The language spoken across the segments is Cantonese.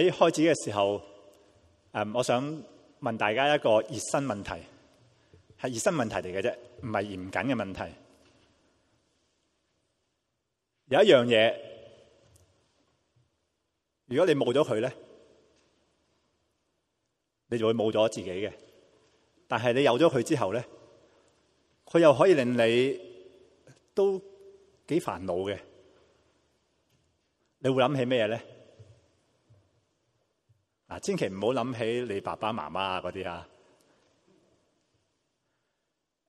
喺開始嘅時候，誒，我想問大家一個熱身問題，係熱身問題嚟嘅啫，唔係嚴謹嘅問題。有一樣嘢，如果你冇咗佢咧，你就會冇咗自己嘅。但係你有咗佢之後咧，佢又可以令你都幾煩惱嘅。你會諗起咩咧？嗱，千祈唔好諗起你爸爸媽媽那些啊，嗰啲啊。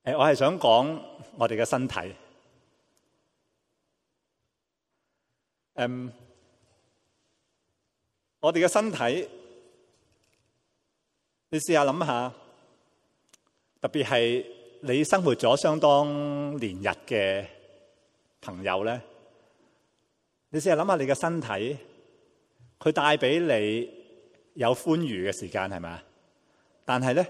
誒，我係想講我哋嘅身體。誒，我哋嘅身體，你試下諗下，特別係你生活咗相當年日嘅朋友咧，你試下諗下你嘅身體，佢帶俾你。有歡愉嘅時間係嘛？但係咧，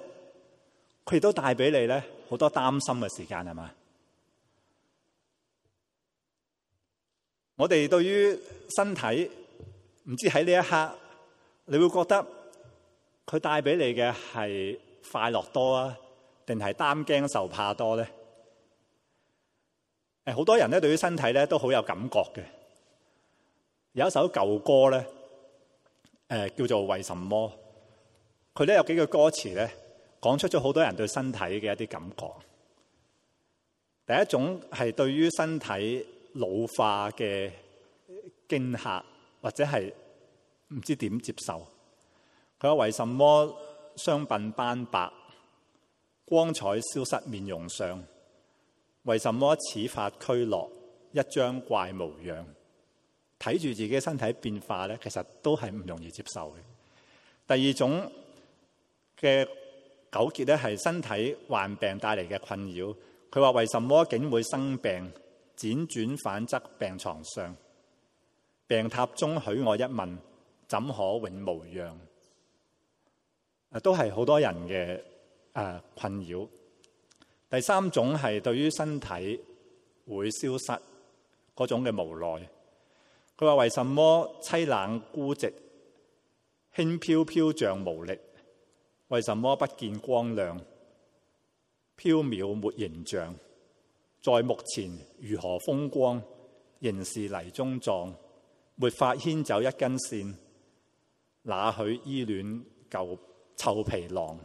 佢亦都帶俾你咧，好多擔心嘅時間係嘛？我哋對於身體唔知，喺呢一刻，你會覺得佢帶俾你嘅係快樂多啊，定係擔驚受怕多咧？誒，好多人咧，對於身體咧都好有感覺嘅。有一首舊歌咧。誒叫做為什麼？佢咧有幾句歌詞咧，講出咗好多人對身體嘅一啲感覺。第一種係對於身體老化嘅驚嚇，或者係唔知點接受。佢話，為什麼雙鬢斑白，光彩消失面容上？為什麼齒髮俱落，一張怪模樣？睇住自己身體變化咧，其實都係唔容易接受嘅。第二種嘅糾結咧，係身體患病帶嚟嘅困擾。佢話：為什麼竟會生病？輾轉反側病床上，病榻中許我一問，怎可永無恙？啊，都係好多人嘅誒、呃、困擾。第三種係對於身體會消失嗰種嘅無奈。佢話：為什麼凄冷孤寂，輕飄飄像無力？為什麼不見光亮，飄渺沒形象？在目前如何風光，仍是泥中葬，沒法牽走一根線，哪許依戀舊臭皮囊？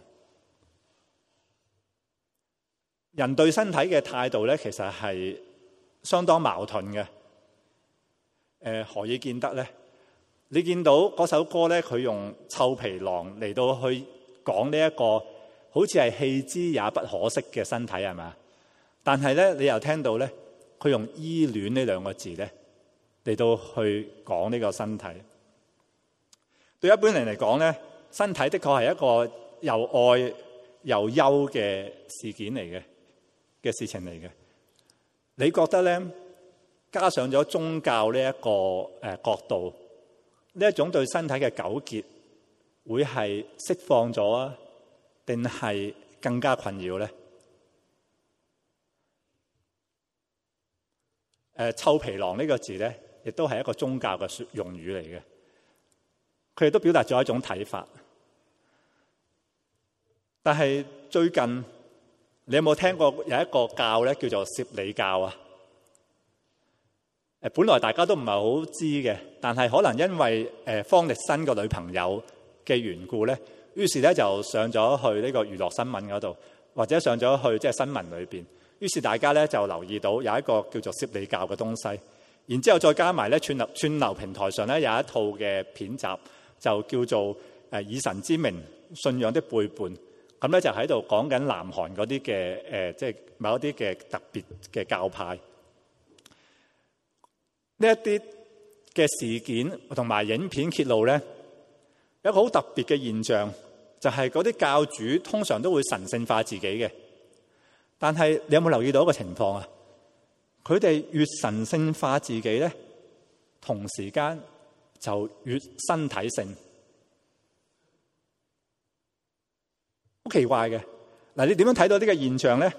人對身體嘅態度咧，其實係相當矛盾嘅。誒、呃、何以見得咧？你見到嗰首歌咧，佢用臭皮囊嚟到去講呢一個好似係棄之也不可惜嘅身體係咪？但係咧，你又聽到咧，佢用依戀呢兩個字咧嚟到去講呢個身體。對一般人嚟講咧，身體的確係一個又愛又憂嘅事件嚟嘅嘅事情嚟嘅。你覺得咧？加上咗宗教呢一個誒角度，呢一種對身體嘅糾結，會釋，會係釋放咗啊？定係更加困擾咧？呃，臭皮囊呢個字咧，亦都係一個宗教嘅用語嚟嘅。佢哋都表達咗一種睇法。但係最近，你有冇聽過有一個教咧叫做攝理教啊？誒，本來大家都唔係好知嘅，但係可能因為方力申個女朋友嘅緣故咧，於是咧就上咗去呢個娛樂新聞嗰度，或者上咗去即係新聞裏面。於是大家咧就留意到有一個叫做攝理教嘅東西。然之後再加埋咧，串流串流平台上咧有一套嘅片集，就叫做以神之名，信仰的背叛。咁咧就喺度講緊南韓嗰啲嘅誒，即係某一啲嘅特別嘅教派。呢一啲嘅事件同埋影片揭露咧，有一個好特別嘅現象，就係嗰啲教主通常都會神聖化自己嘅。但係你有冇留意到一個情況啊？佢哋越神聖化自己咧，同時間就越身體性，好奇怪嘅。嗱，你點樣睇到呢個現象咧？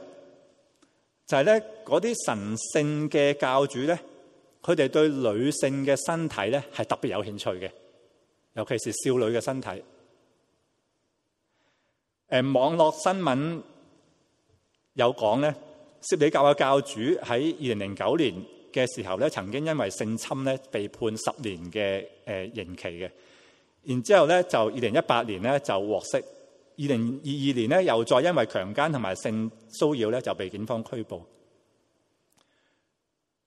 就係咧，嗰啲神聖嘅教主咧。佢哋對女性嘅身體咧係特別有興趣嘅，尤其是少女嘅身體。誒、嗯，網絡新聞有講咧，攝理教嘅教主喺二零零九年嘅時候咧，曾經因為性侵咧被判十年嘅誒刑期嘅。然之後咧就二零一八年咧就獲釋，二零二二年咧又再因為強姦同埋性騷擾咧就被警方拘捕。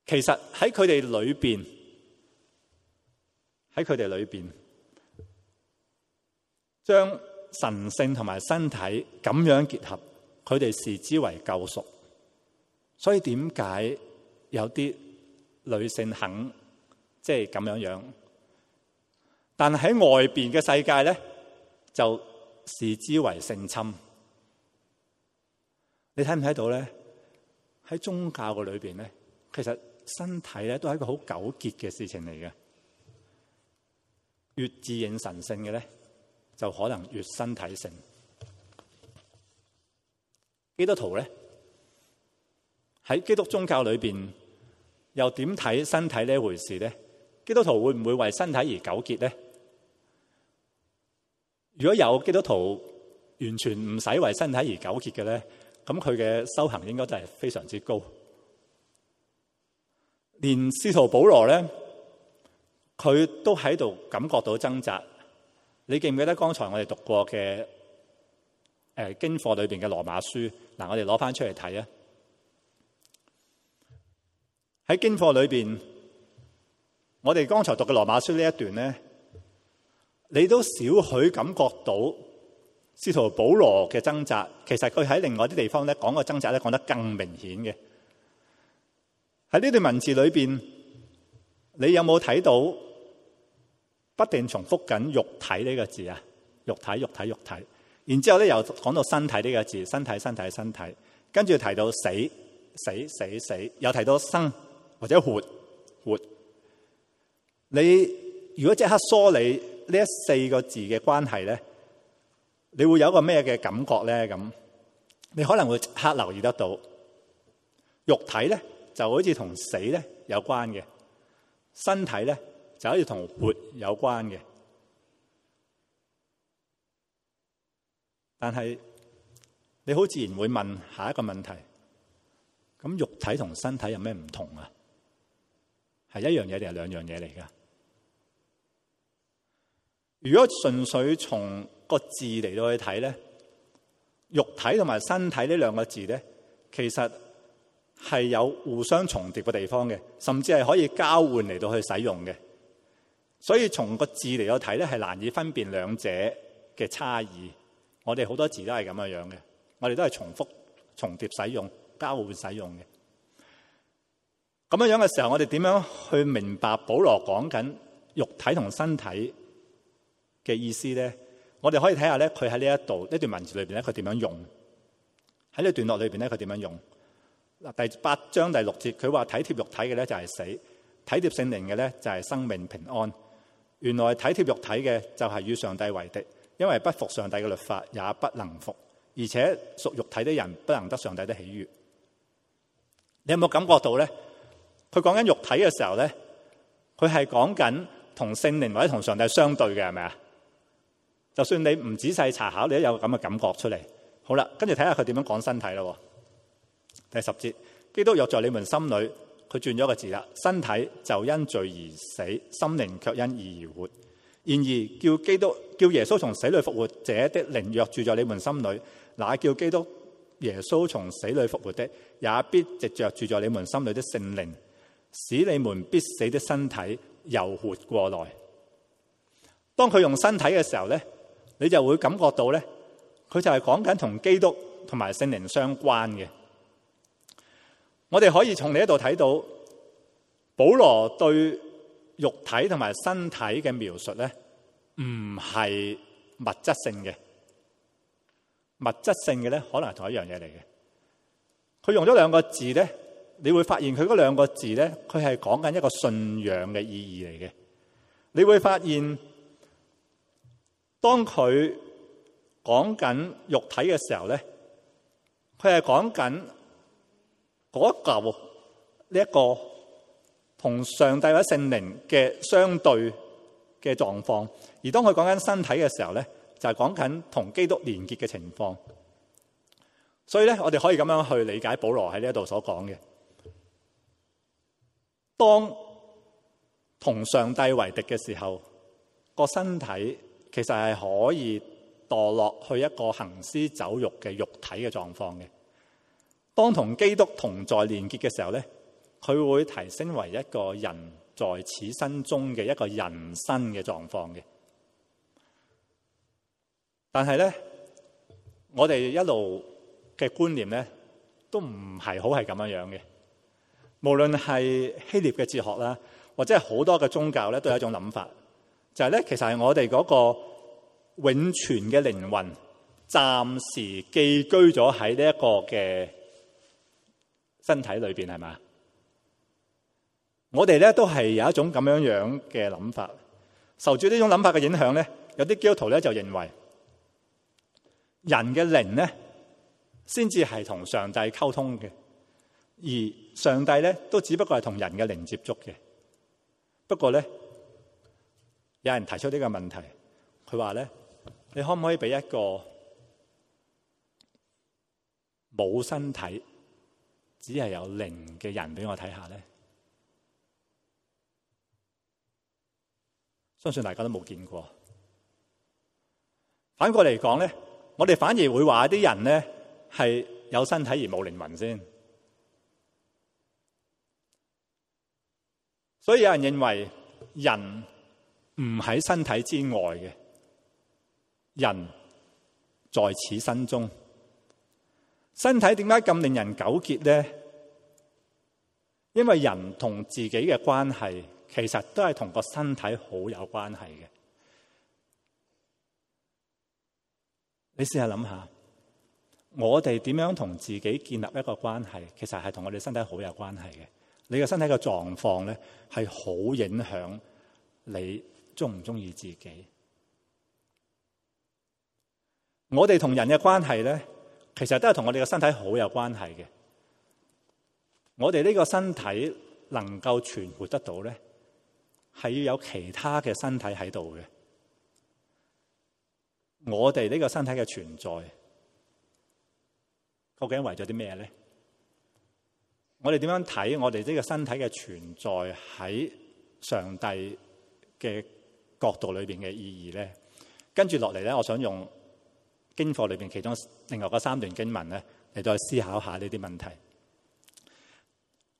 其實喺佢哋裏邊，喺佢哋裏邊，將神聖同埋身體咁樣結合，佢哋視之為救贖。所以點解有啲女性肯即係咁樣樣？但喺外邊嘅世界咧，就視之為性侵。你睇唔睇到咧？喺宗教嘅裏邊咧，其實。身體咧都係一個好糾結嘅事情嚟嘅，越自認神性嘅咧，就可能越身體性。基督徒咧喺基督宗教裏邊又點睇身體呢一回事咧？基督徒會唔會為身體而糾結咧？如果有基督徒完全唔使為身體而糾結嘅咧，咁佢嘅修行應該就係非常之高。連使徒保羅咧，佢都喺度感覺到掙扎。你記唔記得剛才我哋讀過嘅誒、呃、經課裏邊嘅羅馬書？嗱，我哋攞返出嚟睇啊！喺經課裏邊，我哋剛才讀嘅羅馬書呢一段咧，你都少許感覺到使徒保羅嘅掙扎。其實佢喺另外啲地方咧講個掙扎咧，講得更明顯嘅。喺呢段文字裏面，你有冇睇到不斷重複緊肉體呢個字啊？肉體、肉體、肉體，然之後咧又講到身體呢個字，身體、身體、身體，跟住提到死、死、死、死，又提到生或者活、活。你如果即刻梳理呢一四個字嘅關係咧，你會有個咩嘅感覺咧？咁你可能會即刻留意得到肉體咧，就好似同死咧有關嘅，身體咧就好似同活有關嘅。但係你好自然會問下一個問題，咁肉體同身體有咩唔同啊？係一樣嘢定係兩樣嘢嚟噶？如果純粹從個字嚟到去睇咧，肉體同埋身體呢兩個字咧，其實係有互相重疊嘅地方嘅，甚至係可以交換嚟到去使用嘅。所以從個字嚟到睇咧，係難以分辨兩者嘅差異。我哋好多字都係咁樣樣嘅，我哋都係重複、重疊、使用、交換、使用嘅。咁樣樣嘅時候，我哋點樣去明白保羅講緊肉體同身體嘅意思咧？我哋可以睇下咧，佢喺呢一度呢段文字裏邊咧，佢點樣用？喺呢段落裏邊咧，佢點樣用？嗱，第八章第六節，佢話體貼肉體嘅咧就係死，體貼聖靈嘅咧就係生命平安。原來體貼肉體嘅就係與上帝為敵，因為不服上帝嘅律法也不能服，而且屬肉體的人不能得上帝的喜悅。你有冇感覺到咧？佢講緊肉體嘅時候咧，佢係講緊同聖靈或者同上帝相對嘅，係咪啊？就算你唔仔細查考，你都有咁嘅感覺出嚟。好啦，跟住睇下佢點樣講身體啦。第十節，基督若在你們心裏，佢轉咗個字啦。身體就因罪而死，心靈却因義而而活。然而叫基督叫耶穌從死裏復活者的靈若住在你們心裏，那叫基督耶穌從死裏復活的，也必藉着住在你們心裏的聖靈，使你們必死的身體又活過來。當佢用身體嘅時候咧，你就會感覺到咧，佢就係講緊同基督同埋聖靈相關嘅。我哋可以從呢一度睇到保羅對肉體同埋身體嘅描述咧，唔係物質性嘅，物質性嘅咧可能係同一樣嘢嚟嘅。佢用咗兩個字咧，你會發現佢嗰兩個字咧，佢係講緊一個信仰嘅意義嚟嘅。你會發現，當佢講緊肉體嘅時候咧，佢係講緊。嗰一嚿呢一個同、這個、上帝或者聖靈嘅相對嘅狀況，而當佢講緊身體嘅時候咧，就係、是、講緊同基督連結嘅情況。所以咧，我哋可以咁樣去理解保羅喺呢一度所講嘅。當同上帝為敵嘅時候，個身體其實係可以墮落去一個行屍走肉嘅肉體嘅狀況嘅。當同基督同在連結嘅時候咧，佢會提升為一個人在此身中嘅一個人生嘅狀況嘅。但係咧，我哋一路嘅觀念咧，都唔係好係咁樣樣嘅。無論係希臘嘅哲學啦，或者係好多嘅宗教咧，都有一種諗法，就係、是、咧，其實係我哋嗰個永存嘅靈魂暫時寄居咗喺呢一個嘅。身體裏邊係嘛？我哋咧都係有一種咁樣樣嘅諗法，受住呢種諗法嘅影響咧，有啲基督徒咧就認為人嘅靈咧先至係同上帝溝通嘅，而上帝咧都只不過係同人嘅靈接觸嘅。不過咧，有人提出呢個問題，佢話咧：你可唔可以俾一個冇身體？只係有靈嘅人俾我睇下咧，相信大家都冇見過。反過嚟講咧，我哋反而會話啲人咧係有身體而冇靈魂先。所以有人認為人唔喺身體之外嘅，人在此身中。身體點解咁令人糾結咧？因為人同自己嘅關係，其實都係同個身體好有關係嘅。你試下諗下，我哋點樣同自己建立一個關係，其實係同我哋身體好有關係嘅。你嘅身體嘅狀況咧，係好影響你鍾唔鍾意自己。我哋同人嘅關係咧。其實都係同我哋嘅身體好有關係嘅。我哋呢個身體能夠存活得到咧，係要有其他嘅身體喺度嘅。我哋呢個身體嘅存在究竟為咗啲咩咧？我哋點樣睇我哋呢個身體嘅存在喺上帝嘅角度裏邊嘅意義咧？跟住落嚟，咧，我想用。經課裏邊，其中另外嗰三段經文咧，嚟再思考一下呢啲問題。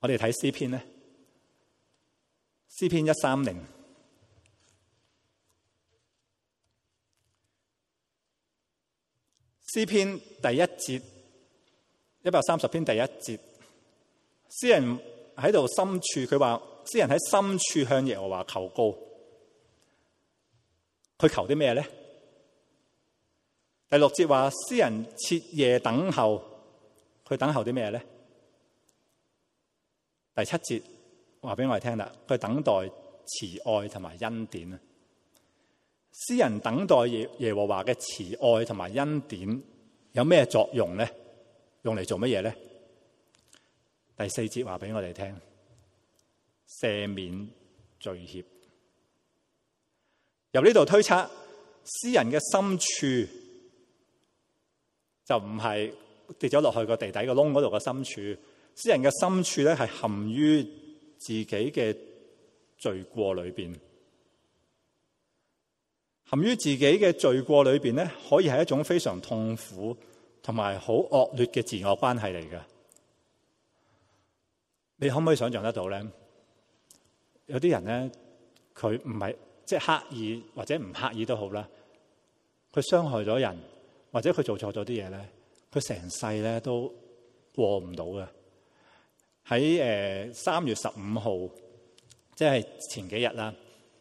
我哋睇詩篇咧，詩篇一三零，詩篇第一節一百三十篇第一節，詩人喺度深處，佢話詩人喺深處向耶和華求告，佢求啲咩咧？第六節話，詩人徹夜等候，佢等候啲咩咧？第七節話俾我哋聽啦，佢等待慈愛同埋恩典啊！詩人等待耶耶和華嘅慈愛同埋恩典，有咩作用咧？用嚟做乜嘢咧？第四節話俾我哋聽，赦免罪孽。由呢度推測，詩人嘅深處。就唔係跌咗落去個地底個窿嗰度嘅深處，私人嘅深處咧，係陷於自己嘅罪過裏邊，陷於自己嘅罪過裏邊咧，可以係一種非常痛苦同埋好惡劣嘅自我關係嚟嘅。你可唔可以想象得到咧？有啲人咧，佢唔係即係刻意或者唔刻意都好啦，佢傷害咗人。或者佢做錯咗啲嘢咧，佢成世咧都過唔到嘅。喺誒三月十五號，即係前幾日啦，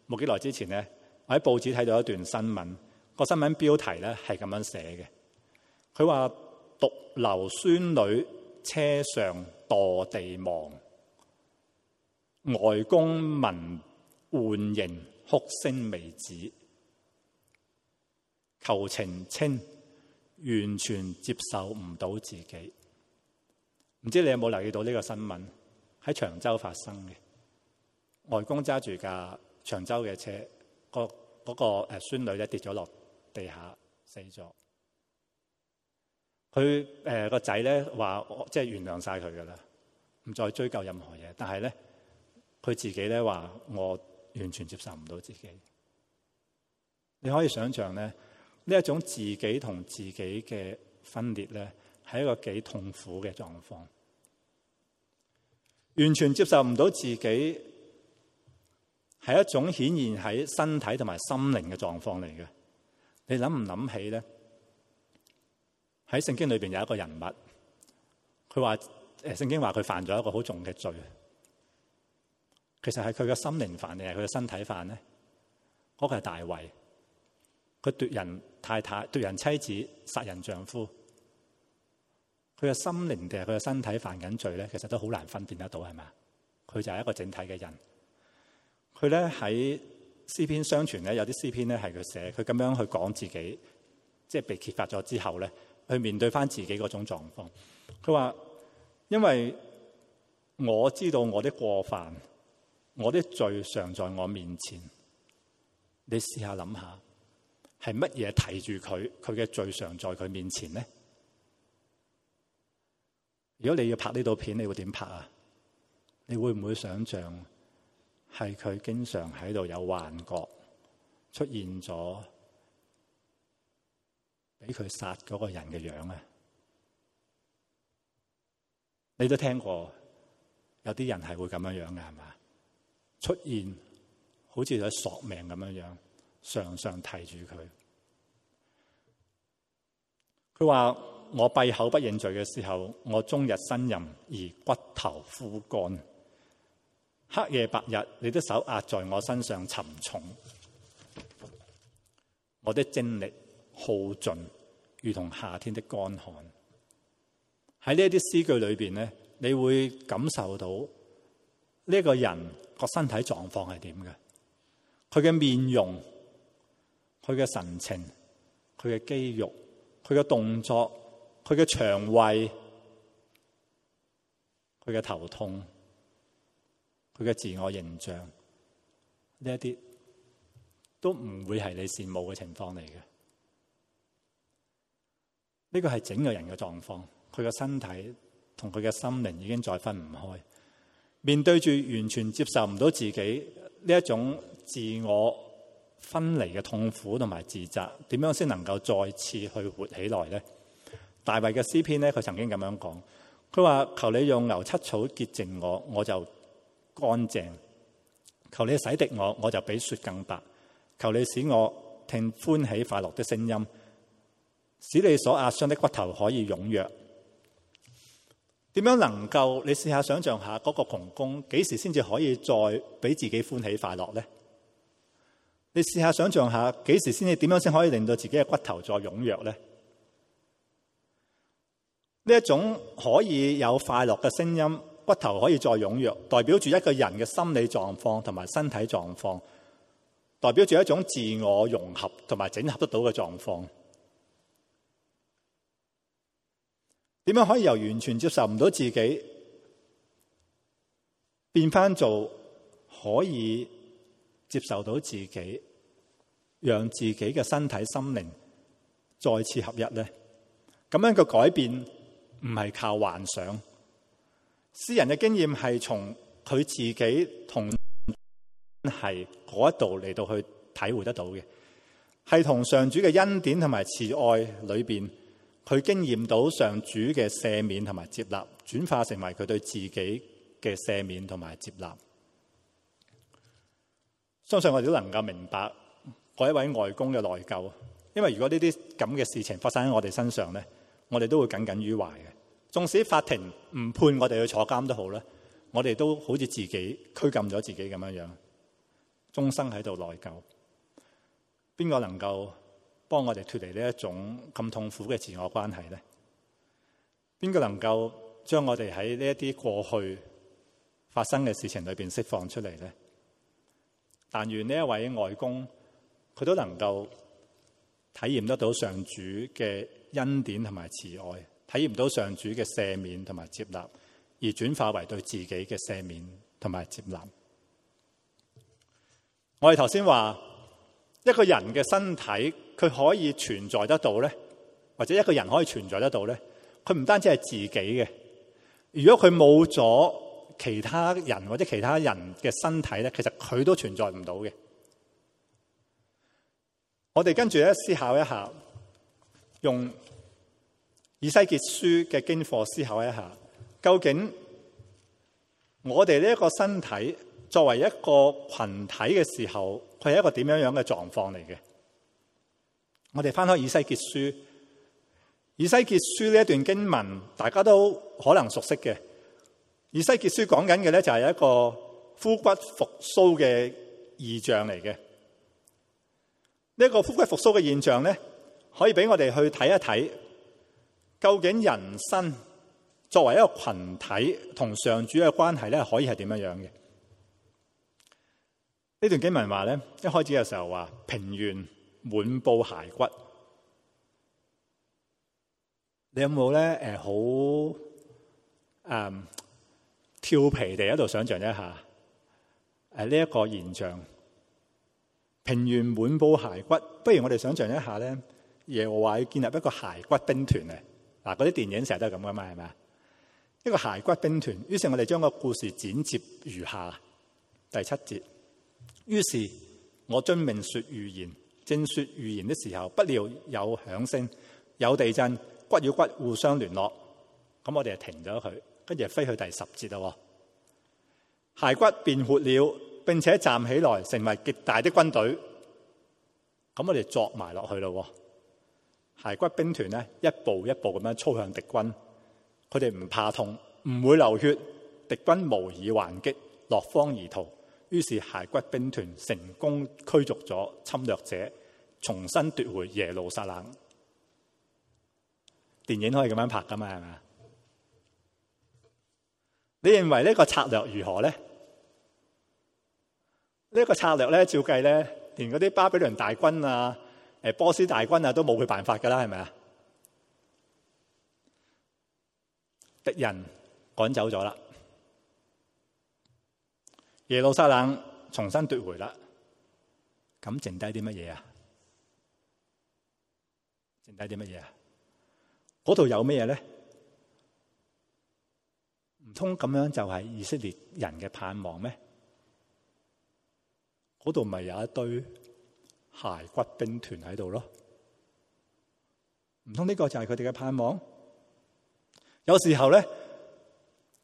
冇幾耐之前咧，我喺報紙睇到一段新聞。個新聞標題咧係咁樣寫嘅，佢話獨留孫女車上墮地亡，外公聞幻影哭聲未止，求情清。完全接受唔到自己，唔知你有冇留意到呢個新聞喺長洲發生嘅，外公揸住架長洲嘅車，個嗰個誒孫女咧跌咗落地下死咗。佢誒個仔咧話，即係原諒晒佢噶啦，唔再追究任何嘢。但係咧，佢自己咧話，說我完全接受唔到自己。你可以想象咧。呢一種自己同自己嘅分裂咧，係一個幾痛苦嘅狀況，完全接受唔到自己，係一種顯現喺身體同埋心靈嘅狀況嚟嘅。你諗唔諗起咧？喺聖經裏邊有一個人物，佢話誒，聖經話佢犯咗一個好重嘅罪，其實係佢嘅心靈犯定係佢嘅身體犯咧？嗰個係大衛，佢奪人。太太，對人妻子，殺人丈夫，佢嘅心靈定係佢嘅身體犯緊罪咧？其實都好難分辨得到係咪啊？佢就係一個整體嘅人。佢咧喺詩篇相傳咧，有啲詩篇咧係佢寫，佢咁樣去講自己，即係被揭發咗之後咧，去面對翻自己嗰種狀況。佢話：因為我知道我的過犯，我的罪常在我面前。你試下諗下。係乜嘢提住佢？佢嘅罪常在佢面前呢？如果你要拍呢套片，你會點拍啊？你會唔會想象係佢經常喺度有幻覺出現咗，俾佢殺嗰個人嘅樣啊？你都聽過有啲人係會咁樣樣嘅係嘛？出現，好似有索命咁樣樣。常常提住佢。佢話我閉口不認罪嘅時候，我終日呻吟而骨頭枯乾，黑夜白日，你的手壓在我身上沉重，我的精力耗盡，如同夏天的乾旱。喺呢一啲詩句裏邊咧，你會感受到呢、這個人個身體狀況係點嘅，佢嘅面容。佢嘅神情，佢嘅肌肉，佢嘅動作，佢嘅腸胃，佢嘅頭痛，佢嘅自我形象，呢一啲都唔會係你羨慕嘅情況嚟嘅。呢個係整個人嘅狀況，佢嘅身體同佢嘅心靈已經再分唔開。面對住完全接受唔到自己呢一種自我。分離嘅痛苦同埋自責，點樣先能夠再次去活起來呢？大衛嘅詩篇咧，佢曾經咁樣講：佢話，求你用牛膝草潔淨我，我就乾淨；求你洗滌我，我就比雪更白；求你使我聽歡喜快樂的聲音，使你所壓傷的骨頭可以踊躍。點樣能夠？你試下想象下，嗰個窮工幾時先至可以再俾自己歡喜快樂呢？你試下想象下，幾時先至點樣先可以令到自己嘅骨頭再踊躍咧？呢一種可以有快樂嘅聲音，骨頭可以再踊躍，代表住一個人嘅心理狀況同埋身體狀況，代表住一種自我融合同埋整合得到嘅狀況。點樣可以由完全接受唔到自己，變翻做可以？接受到自己，讓自己嘅身體心靈再次合一咧，咁樣嘅改變唔係靠幻想，私人嘅經驗係從佢自己同係嗰一度嚟到去體會得到嘅，係同上主嘅恩典同埋慈愛裏邊，佢經驗到上主嘅赦免同埋接納，轉化成為佢對自己嘅赦免同埋接納。相信我哋都能夠明白嗰一位外公嘅內疚，因為如果呢啲咁嘅事情發生喺我哋身上咧，我哋都會耿耿於懷嘅。縱使法庭唔判我哋去坐監都好啦，我哋都好似自己拘禁咗自己咁樣樣，終生喺度內疚。邊個能夠幫我哋脫離呢一種咁痛苦嘅自我關係咧？邊個能夠將我哋喺呢一啲過去發生嘅事情裏邊釋放出嚟咧？但願呢一位外公，佢都能夠體驗得到上主嘅恩典同埋慈愛，體驗到上主嘅赦免同埋接納，而轉化為對自己嘅赦免同埋接納。我哋頭先話，一個人嘅身體佢可以存在得到咧，或者一個人可以存在得到咧，佢唔單止係自己嘅，如果佢冇咗。其他人或者其他人嘅身體咧，其實佢都存在唔到嘅。我哋跟住咧思考一下，用《以西結書》嘅經課思考一下，究竟我哋呢一個身體作為一個群體嘅時候，佢係一個點樣樣嘅狀況嚟嘅？我哋翻開《以西結書》，《以西結書》呢一段經文，大家都可能熟悉嘅。而《西結書》講緊嘅咧，就係一個枯骨復甦嘅異象嚟嘅。呢一個枯骨復甦嘅現象咧，可以俾我哋去睇一睇，究竟人生作為一個群體同上主嘅關係咧，可以係點樣樣嘅？呢段經文話咧，一開始嘅時候話平原滿布骸骨，你有冇咧？誒、呃，好，嗯。俏皮地喺度想象一下，誒呢一個現象，平原滿布骸骨，不如我哋想象一下咧，耶和華要建立一個骸骨兵團啊！嗱，嗰啲電影成日都係咁噶嘛，係咪？一個骸骨兵團，於是我哋將個故事剪接如下第七節。於是，我遵命説預言，正説預言的時候，不料有響聲，有地震，骨與骨互相聯絡，咁我哋就停咗佢。跟住飛去第十節啦，骸骨變活了並且站起來，成為極大的軍隊。咁我哋作埋落去啦，骸骨兵團咧一步一步咁樣操向敵軍，佢哋唔怕痛，唔會流血，敵軍無以還擊，落荒而逃。於是骸骨兵團成功驅逐咗侵略者，重新奪回耶路撒冷。電影可以咁樣拍㗎嘛？係咪？你認為呢個策略如何咧？呢、這個策略咧，照計咧，連嗰啲巴比倫大軍啊、誒波斯大軍啊，都冇佢辦法噶啦，係咪啊？敵人趕走咗啦，耶路撒冷重新奪回啦，咁剩低啲乜嘢啊？剩低啲乜嘢啊？嗰度有乜嘢咧？唔通咁樣就係以色列人嘅盼望咩？嗰度咪有一堆骸骨兵團喺度咯？唔通呢個就係佢哋嘅盼望？有時候咧，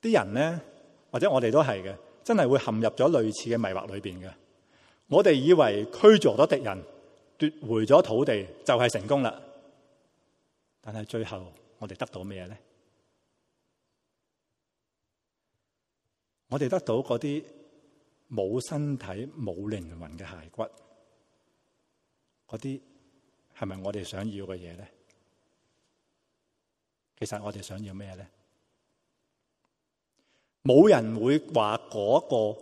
啲人咧，或者我哋都係嘅，真係會陷入咗類似嘅迷惑裏邊嘅。我哋以為驅逐咗敵人，奪回咗土地，就係成功啦。但係最後我哋得到咩咧？我哋得到嗰啲冇身體冇靈魂嘅骸骨，嗰啲係咪我哋想要嘅嘢？咧？其實我哋想要咩咧？冇人會話嗰個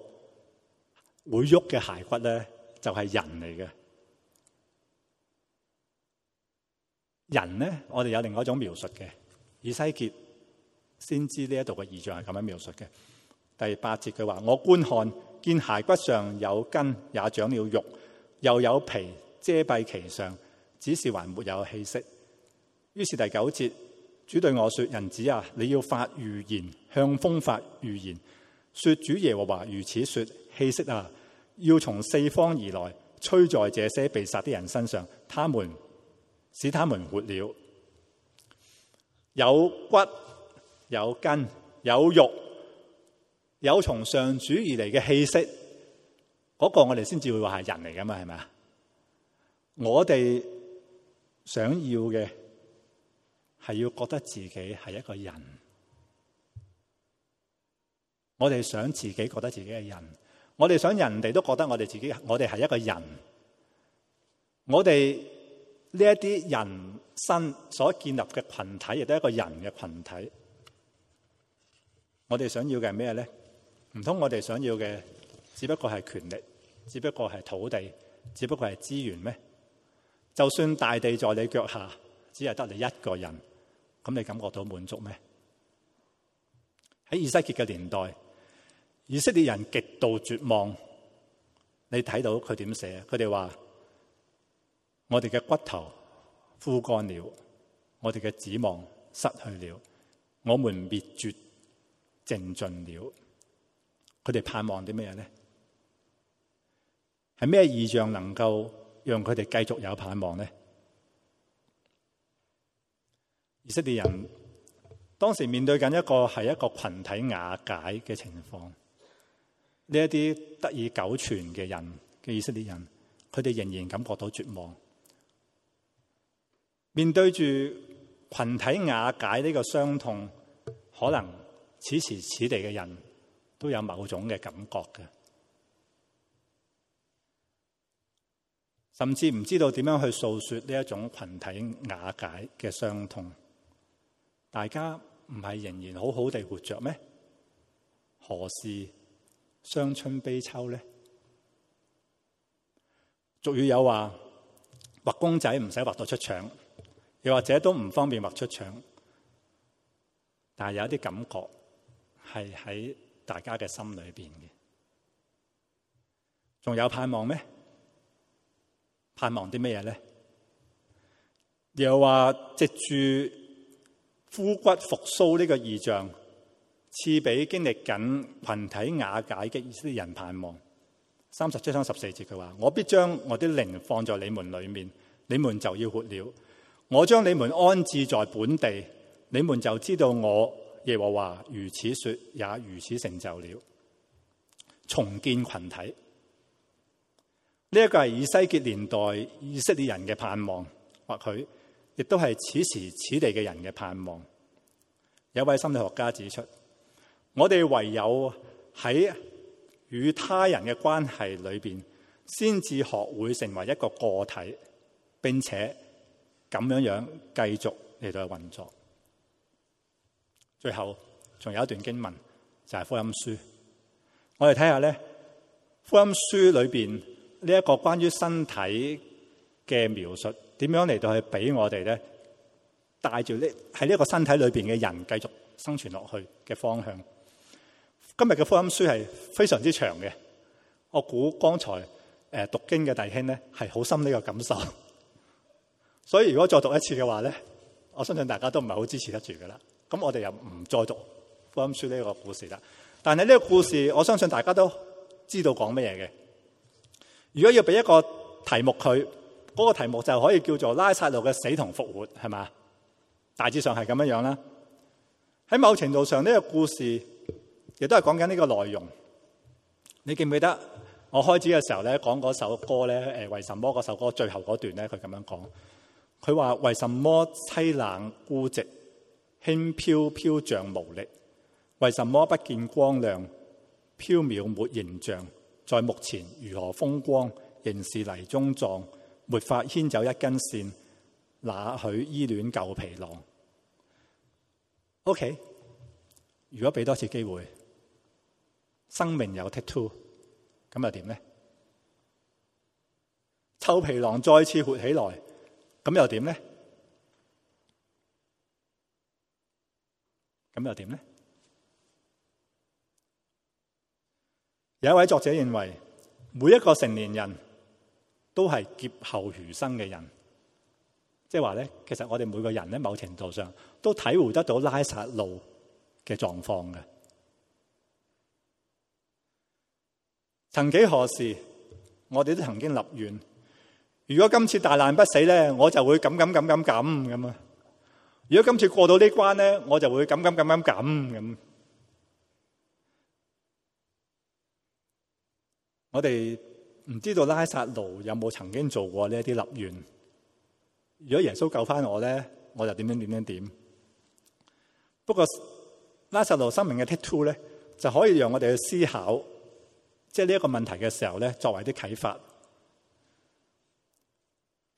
會喐嘅骸骨咧，就係人嚟嘅。人咧，我哋有另外一種描述嘅，以西結先知呢一度嘅異象係咁樣描述嘅。第八節佢話：我觀看見骸骨上有筋，也長了肉，又有皮遮蔽其上，只是還沒有氣息。於是第九節，主對我説：人子啊，你要發預言，向風發預言，説主耶和華如此説：氣息啊，要從四方而來，吹在這些被殺的人身上，他們使他們活了，有骨有筋、有肉。有從上主而嚟嘅氣息，嗰個我哋先至會話係人嚟噶嘛，係咪啊？我哋想要嘅係要覺得自己係一個人，我哋想自己覺得自己係人，我哋想人哋都覺得我哋自己我哋係一個人，我哋呢一啲人生所建立嘅群體亦都係一個人嘅群體，我哋想要嘅係咩咧？唔通我哋想要嘅，只不過係權力，只不過係土地，只不過係資源咩？就算大地在你腳下，只係得你一個人，咁你感覺到滿足咩？喺以西結嘅年代，以色列人極度絕望。你睇到佢點寫？佢哋話：我哋嘅骨頭枯乾了，我哋嘅指望失去了，我們滅絕淨盡了。佢哋盼望啲咩嘢咧？係咩異象能夠讓佢哋繼續有盼望咧？以色列人當時面對緊一個係一個群體瓦解嘅情況，呢一啲得以久存嘅人嘅以色列人，佢哋仍然感覺到絕望。面對住群體瓦解呢個傷痛，可能此時此地嘅人。都有某種嘅感覺嘅，甚至唔知道點樣去訴説呢一種群體瓦解嘅傷痛。大家唔係仍然好好地活着咩？何事傷春悲秋呢？俗語有話：畫公仔唔使畫到出腸，又或者都唔方便畫出腸，但係有啲感覺係喺。大家嘅心裏邊嘅，仲有盼望咩？盼望啲咩嘢咧？又話藉住枯骨復甦呢個異象，賜俾經歷緊群體瓦解嘅一些人盼望。三十七章十四節佢話：我必將我啲靈放在你們裏面，你們就要活了。我將你們安置在本地，你們就知道我。耶和華如此說，也如此成就了重建群體。呢一個係以西結年代以色列人嘅盼望，或許亦都係此時此地嘅人嘅盼望。有位心理學家指出，我哋唯有喺與他人嘅關係裏邊，先至學會成為一個個體，並且咁樣樣繼續嚟到運作。最後仲有一段經文就係、是、福音書，我哋睇下咧福音書裏邊呢一個關於身體嘅描述，點樣嚟到去俾我哋咧帶住呢喺呢個身體裏邊嘅人繼續生存落去嘅方向。今日嘅福音書係非常之長嘅，我估剛才誒讀經嘅弟兄咧係好深呢個感受，所以如果再讀一次嘅話咧，我相信大家都唔係好支持得住噶啦。咁我哋又唔再讀福音書呢個故事啦。但係呢個故事，我相信大家都知道講乜嘢嘅。如果要俾一個題目，佢、那、嗰個題目就可以叫做拉撒路嘅死同復活，係嘛？大致上係咁樣樣啦。喺某程度上，呢、這個故事亦都係講緊呢個內容。你記唔記得我開始嘅時候咧講嗰首歌咧？誒，為什麼嗰首歌最後嗰段咧？佢咁樣講，佢話，為什麼淒冷孤寂？輕飄飄像無力，為什麼不見光亮？縹緲沒形象，在目前如何風光？仍是泥中葬，沒法牽走一根線，哪許依戀舊皮囊？OK，如果俾多次機會，生命有 tattoo，咁又點呢？臭皮囊再次活起來，咁又點呢？咁又點咧？有一位作者認為，每一個成年人都係劫後餘生嘅人，即係話咧，其實我哋每個人咧，某程度上都體會得到拉撒路嘅狀況嘅。曾幾何時，我哋都曾經立願：如果今次大難不死咧，我就會咁咁咁咁咁咁啊！如果今次過到呢關咧，我就會咁咁咁咁咁。我哋唔知道拉撒路有冇曾經做過呢一啲立願。如果耶穌救翻我咧，我就點點點點點。不過拉撒路生命嘅 take two 咧，就可以讓我哋去思考，即係呢一個問題嘅時候咧，作為啲啟發。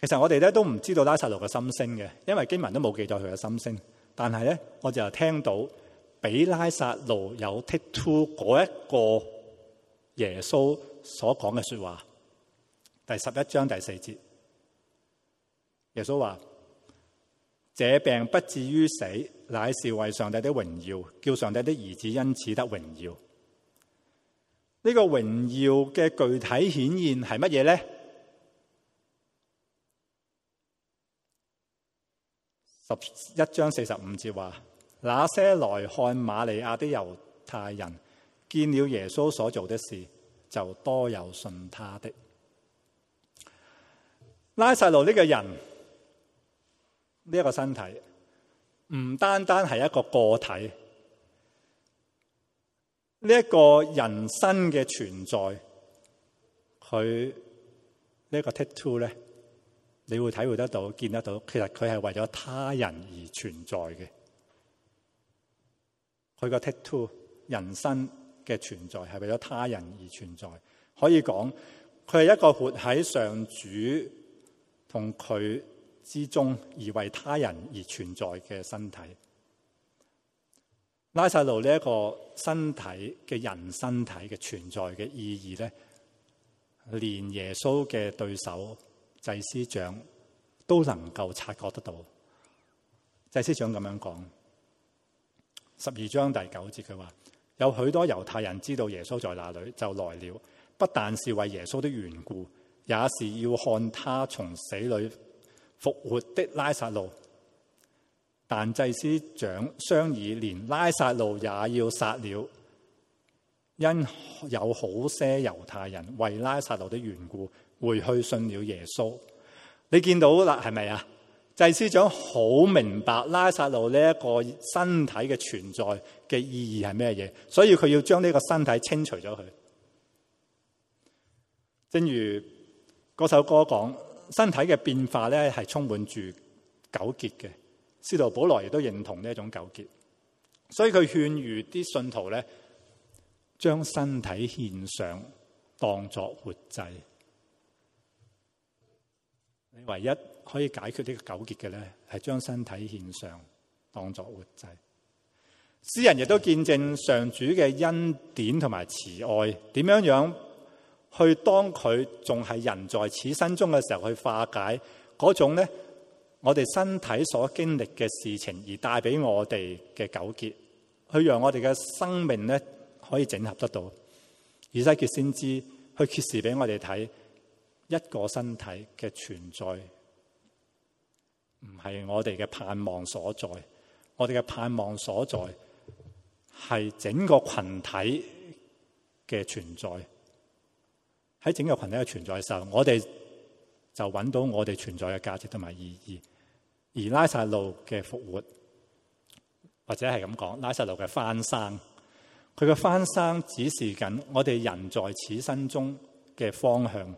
其實我哋咧都唔知道拉撒路嘅心聲嘅，因為經文都冇記載佢嘅心聲。但係咧，我就聽到俾拉撒路有聽 to 嗰一個耶穌所講嘅說話，第十一章第四節，耶穌話：這病不至於死，乃是為上帝的榮耀，叫上帝的兒子因此得榮耀。呢個榮耀嘅具體顯現係乜嘢咧？十一章四十五節話：那些來看瑪利亞的猶太人，見了耶穌所做的事，就多有信他的。拉撒路呢個人，呢、這個身體，唔單單係一個個體，呢、這、一個人生嘅存在，佢、這個、呢個 tattoo 咧。你會體會得到，見得到，其實佢係為咗他人而存在嘅。佢個 take two 人生嘅存在係為咗他人而存在，可以講佢係一個活喺上主同佢之中而為他人而存在嘅身體。拉撒路呢一個身體嘅人身體嘅存在嘅意義咧，連耶穌嘅對手，祭司長都能夠察覺得到。祭司長咁樣講，十二章第九節佢話：有許多猶太人知道耶穌在哪裏，就來了，不但是為耶穌的緣故，也是要看他從死裏復活的拉撒路。但祭司長商議，連拉撒路也要殺了，因有好些猶太人為拉撒路的緣故。回去信了耶穌，你見到啦，係咪啊？祭司長好明白拉撒路呢一個身體嘅存在嘅意義係咩嘢，所以佢要將呢個身體清除咗佢。正如嗰首歌講，身體嘅變化咧係充滿住糾結嘅。使徒保羅亦都認同呢一種糾結，所以佢勸喻啲信徒咧，將身體獻上，當作活祭。你唯一可以解決呢個糾結嘅咧，係將身體獻上當作活祭。詩人亦都見證上主嘅恩典同埋慈愛，點樣樣去當佢仲係人在此身中嘅時候去化解嗰種咧，我哋身體所經歷嘅事情而帶俾我哋嘅糾結，去讓我哋嘅生命咧可以整合得到。以西結先知去揭示俾我哋睇。一個身體嘅存在唔係我哋嘅盼望所在，我哋嘅盼望所在係整個群體嘅存在。喺整個群體嘅存在嘅時候，我哋就揾到我哋存在嘅價值同埋意義。而拉撒路嘅復活，或者係咁講，拉撒路嘅翻生，佢嘅翻生指示緊我哋人在此生中嘅方向。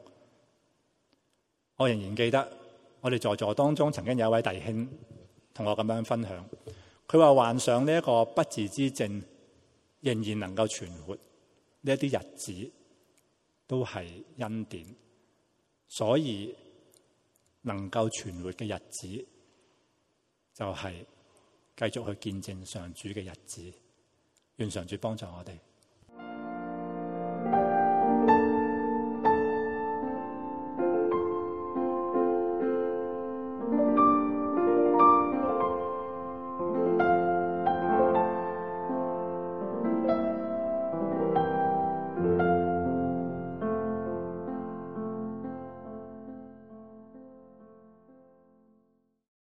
我仍然記得，我哋在座，座當中曾經有一位弟兄同我咁樣分享，佢話患上呢一個不治之症，仍然能夠存活呢一啲日子，都係恩典。所以能夠存活嘅日子，就係繼續去見證上主嘅日子，願上主幫助我哋。